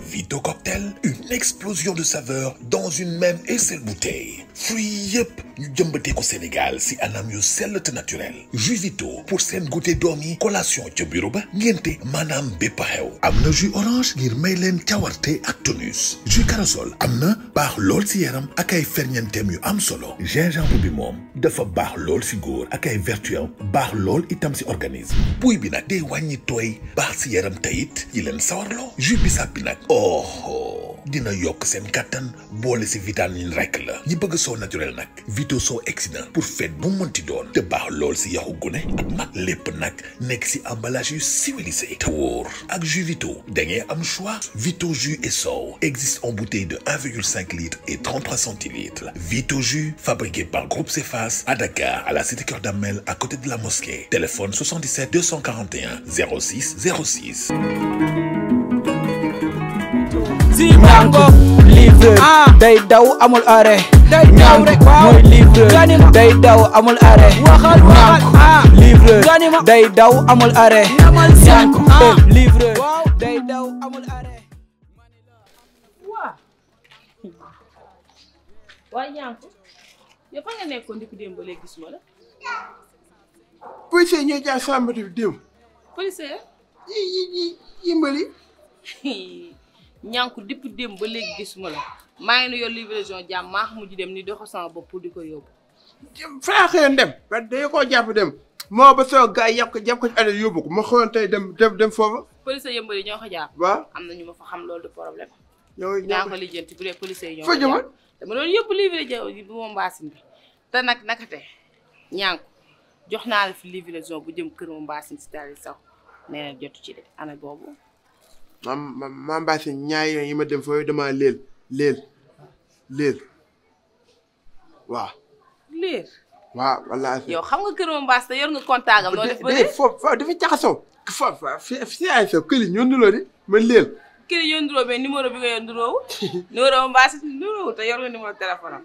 Vito Cocktail, une explosion de saveur dans une même et seule bouteille fruits yep yëpp ñu ko Sénégal si anam yu sell te naturel jus Vito pour sen goûter doom collation ci bureau ba ngenté manam bépp xew jus orange ngir may len cawarte ak tonus jus corossol amna bax lol lool si yaram ak ay ferñeenteem yu am solo gingembre bi mom dafa bax lol si góor ak ay vertu bax lol itam si organisme buy bi nak day wañi toy bax si yaram tayit yi len sawarlo jus bisaab bi oh, oh dina yok sen katan bolé ci vitamine rek la ñi bëgg naturel nak Vito sont excellent pour fête bon monti doon te bar lol si ya gune ak mag si emballage civilisé tour à ak jus Vito da choix Vito jus et saut existe en bouteille de 1,5 litre et 33 centilitres Vito jus fabriqué par Groupe Cefas à Dakar à la cité cœur Damel à côté de la mosquée téléphone 77 241 06 06 si mango livre ah. day daw amul arrêt day daw rek waaw mooy livre day daw amul arrêt waxal waxal ah. livre day daw amul arrêt ñanko ah. livre day daw amul arrêt waa waa ñanko yow fa nga nekkoon di ko démb ba léegi gisuma la Police ñu ja sàmbati bi démb policier yi yi yi yimbali ñànku depuis démb ba léegi gisuma la maa ngi ne yor livraison jàmm maa mujj dem ni doxal sama bopp di ko yóbbu. faa xëyoon dem ba dañu koo jàpp dem moo ba soo gaa yàpp ko jàpp ko yóbbu ko ma xëyoon tey dem dem dem foofa. police yëmbal yi ñoo ko jàpp. waaw am na ñu ma fa xam loolu du problème. ñoo ko lijjanti bu dee police yi ñoo ko jàpp dama doon yóbbu livraison bi moom mbaasin te nag naka te ñànku jox naa la fi livraison bu jëm kër moom mbaasin si daal di saw nee na jotu ci de ana boobu. ma ma mbaase yi ma dem foofu dama leel leel leel waaw. leel. waaw wallaahi. yow xam nga kër Mombaas te yor nga contact am. loolu def ba léegi foofu foofu dafa jaxasoo. foofu si këli ñoo di ma leel. këli ñoo niroo mais numéro bi nga yor niroo wu. numéro Mombaas niroo yor nga numéro téléphone am.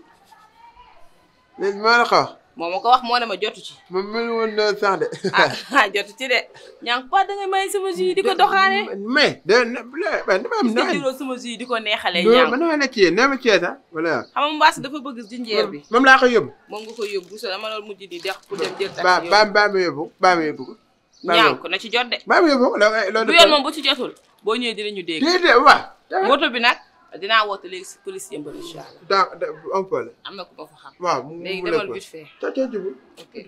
léegi maa moom ma ko wax moo ne ma jotu ci. ma mel woon na sax de. Ah, ah jotu ci de. ñaa ngi da may sama jus di ko doxaane. mais de ne ne sama jus di ko neexalee. ñaa ngi ma ne cee ma cee sax wala. xam nga dafa bëgg jinjeer bi. moom laa ko yóbbu. moom nga ko yóbbu so dama loolu mujj di dex ku dem jël. ba ba ba ma na ci jot de. ba ma yóbbu loolu. bu yoon moom bu ci jotul. boo ñëwee ñu dee déedéet waaw. moto bi nag. dinaa woote léegi si police yëmbal incha allah. daa am problème. am na ku ma fa xam. waaw mu léegi demal but fee. ca ca jiwu. ok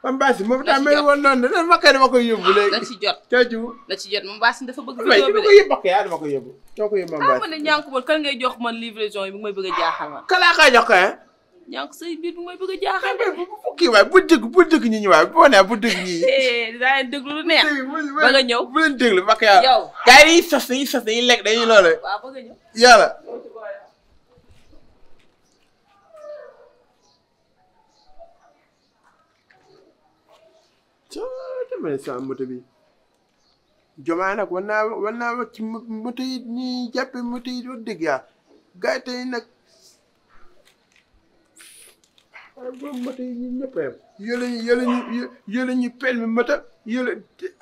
man Baasi moom daa de ma koy dama koy yóbbu léegi. na ci jot ca jiwu. na ci jot moom Baasi dafa bëgg. vidéo bi de waaye ah, dama koy yóbbu dama koy yóbbu. dama koy yóbbu man Baasi. ah man de ñànku man kan ngay jox man livraison yi bu may bëgg a jaaxal man. kalaa kaa jox ko ñaa ko say biir bi mooy bëgg a jaaxal. Eh, bu kii waay bu dëgg bu dëgg ñi ñu waay boo nee bu dëgg ñi. Eh, daa leen déglu lu neex. ba bu leen déglu ba yaa. yow gars yi sos dañuy sos dañuy lekk dañuy loole. waaw ba nga ñëw yàlla. damay sama moto bi jomaa nag war naa war naa wax ci moto yi ñuy yi dëgg yaa gars yi nag. loolu mata yi ñun ñëpp yële ñu yële ñu yële ñu permis mata yële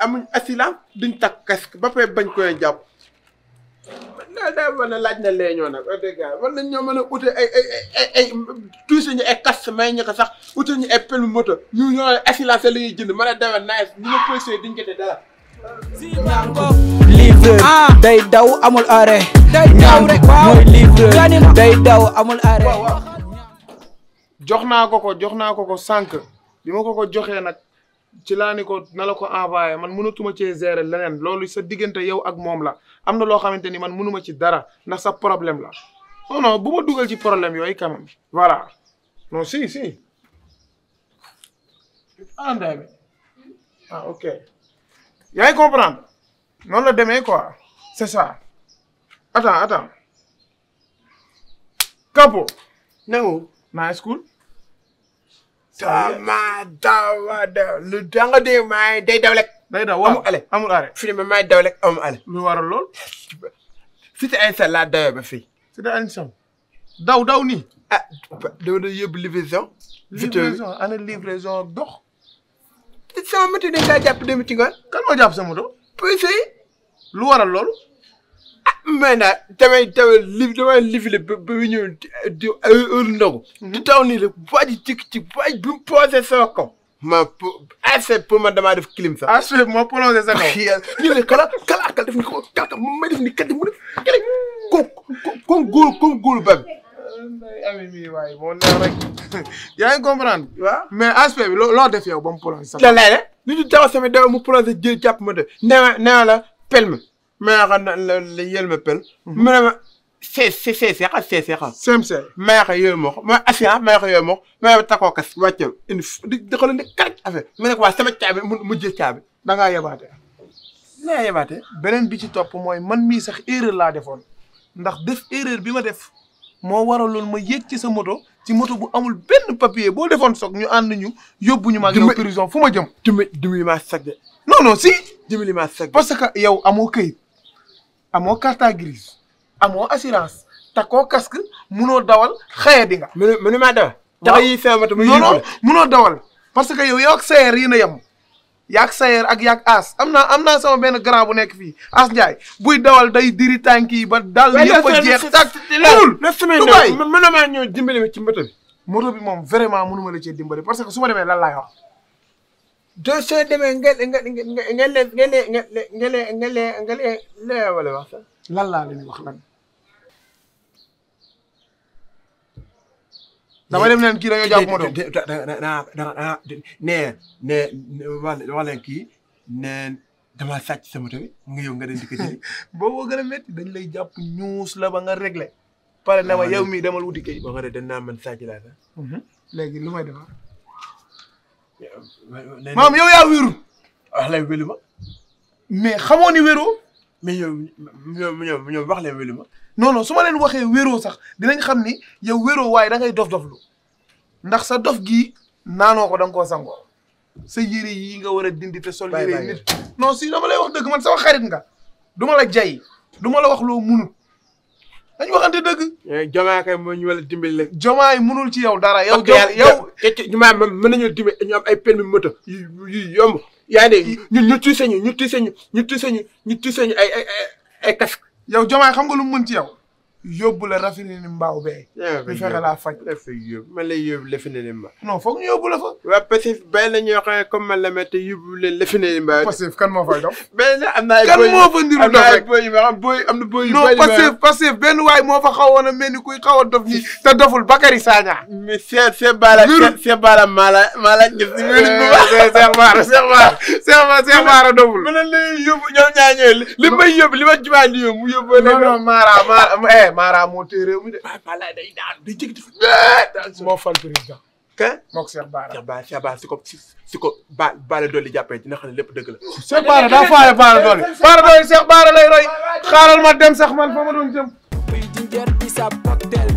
amuñ asilam duñ takk casque bañ koy jàpp da na laaj na lee ñoo nag wax ñoo mën a ute ay ay ay ay tuuse ñu ay casque may ñu sax ute ñu ay permis moto ñu ñoo asilam sa la ñuy jënd mën a dewa naes ñu ma policier diñ jotee dara ah! day daw amul arrêt day rek mooy livreur day daw amul arrêt jox naa ko ko jox naa ko ko sànq bi ma ko ko joxee nag ci laa ni ko nala ko envoyé man mënatuma cee gérer leneen loolu sa diggante yow ak moom la am na loo xamante ni man mënuma ci dara ndax sa problème la non bu ma dugal ci problème yooyu quand même voilà non si si anday bi ah ok yaa ngi noonu la demee quoi c'est ça attends attends capo nangu naa school dama dama daw lu danga de maay day daw lek day daw amul ale amul ale fii ma maay daw lek amul ale lu waral lool si te insa laa ba fii si te insa daw daw nii ah dama doon yóbbu livraison livraison ana livraison dox sama moto dañ kaa jàpp dem ci ngoon kan moo jàpp sa moto police yi lu waral maintenant ah, damay damay li à lifile ba ba ñëw di heure ndogu. di taw nii la waaj cik cik de bi mu de sama ma pour ah, ma damaa def clim ça assuré ma posé sa kaw. ñu ne kala kala akal def ni ko kaka me def ni kat mu ne kii kooku comme góor comme góor ba bi. Euh, ami mi waaye moo je rek yaa comprendre. mais aspect def yow ba sax. taw sama mu de meexa yelmepel mene sesesexa sesexa semse meexa yomox ma asian meexa yomox mene tako kas wàccel in dëxalo ndi karaj affaire mu nekk waa sama caabi mujj caabi da ngaa yebaate dangaa yebaate beneen bi ci topp mooy man mii sax erreur laa defoon ndax def erreur bi ma def moo waraloon ma yéeg ci sa moto ci moto bu amul benn papier boo defoon soog ñu ànd ñu yóbbu ñu. ma ak prison fu ma jëm. dimbali dimbali maa sag de non non si. dimbali maa sag parce que yow amoo këyit. amoo carte grise amoo assurance takkoo casque munoo dawal xëy di nga. mënu mënu maa dawal. waaw yi feebar ma yëngu non munoo dawal. parce que yow yow ak sayeer yi na yem yaag sayeer ak yaag aas am naa am naa sama benn grand bu nekk fii aas Ndiaye buy dawal day diri tànk yi ba dal yëpp a jeex tàkk tuul du waay mën na maa ñëw dimbali ci moto moto bi moom vraiment mënu ma la cee dimbali parce que su ma demee lan laay to so demee nga nga nga le nga le nga le nga wax lan laa leen wax lan. dama dem naan kii da nga jàpp ma doon da kii nee dama sàcc sama tamit nga yow nga dem di ko jëli. boo gën a dañ lay jàpp ñuus la ba nga regle pare na ma ah, yow mii dama wuti kay ba pare dañ naa mën sàcc laa sax. Mhm. léegi lu may defar. maam yow yaa wéeru. wax leen wéli mais xamoo ni wéeroo. mais ñoom ñoom ñoom ñoom wax leen wéli ma. non su ma leen waxee wéeroo sax dinañ xam ni yow wéeroo waaye da ngay dof-doflu ndax sa dof gii naanoo ko da nga koo sa yére yi nga war a dindi te sol yére nit non si dama lay wax dëgg man sama xarit nga du ma la jay du la wax loo munut dañu waxante dëgg. Eh, Jomaay kay moo ñu war a yi léegi. munul ci yow dara. yow yow Jomaay mën nañu dimbali ñu am ay permis moto yu yu yomb. yaa ngi dégg ñu tuuse ñu ñu tuuse ñuti ñu ñuti ñu ñu tuuse ñu ay ay ay casque. yow Jomaay xam nga lu mu mën ci yow. yóbbu la rafetlu ni mbaaw bee. ñu fexe laa faj. la fa. waa Pastef bay la ñoo xam mbaaw. Pastef kan moo fay dox. mais benn waay moo fa xawoon a mel ni kuy a dof nii te doful Bakary Sagna. mais Cheikh Cheikh Bara. Cheikh Cheikh Bara maa la doful. mën na leen ñoom ñaar ñooy li may yóbbu li ma jumaa di yóbbu mu yóbbu. non non Mara eh, Ndiaye a moo téye réew mi de. waaw Fala day daal day jéggi dafa. moo fal moo ko Cheikh Bara. Cheikh Bara Cheikh si ko si ko Ba Bara Dolly jàppee dina lépp dëgg la. Cheikh Bara daa faaye Bara Dolly. Bara Dolly Cheikh Bara lay roy xaaral ma dem sax man fa ma doon jëm.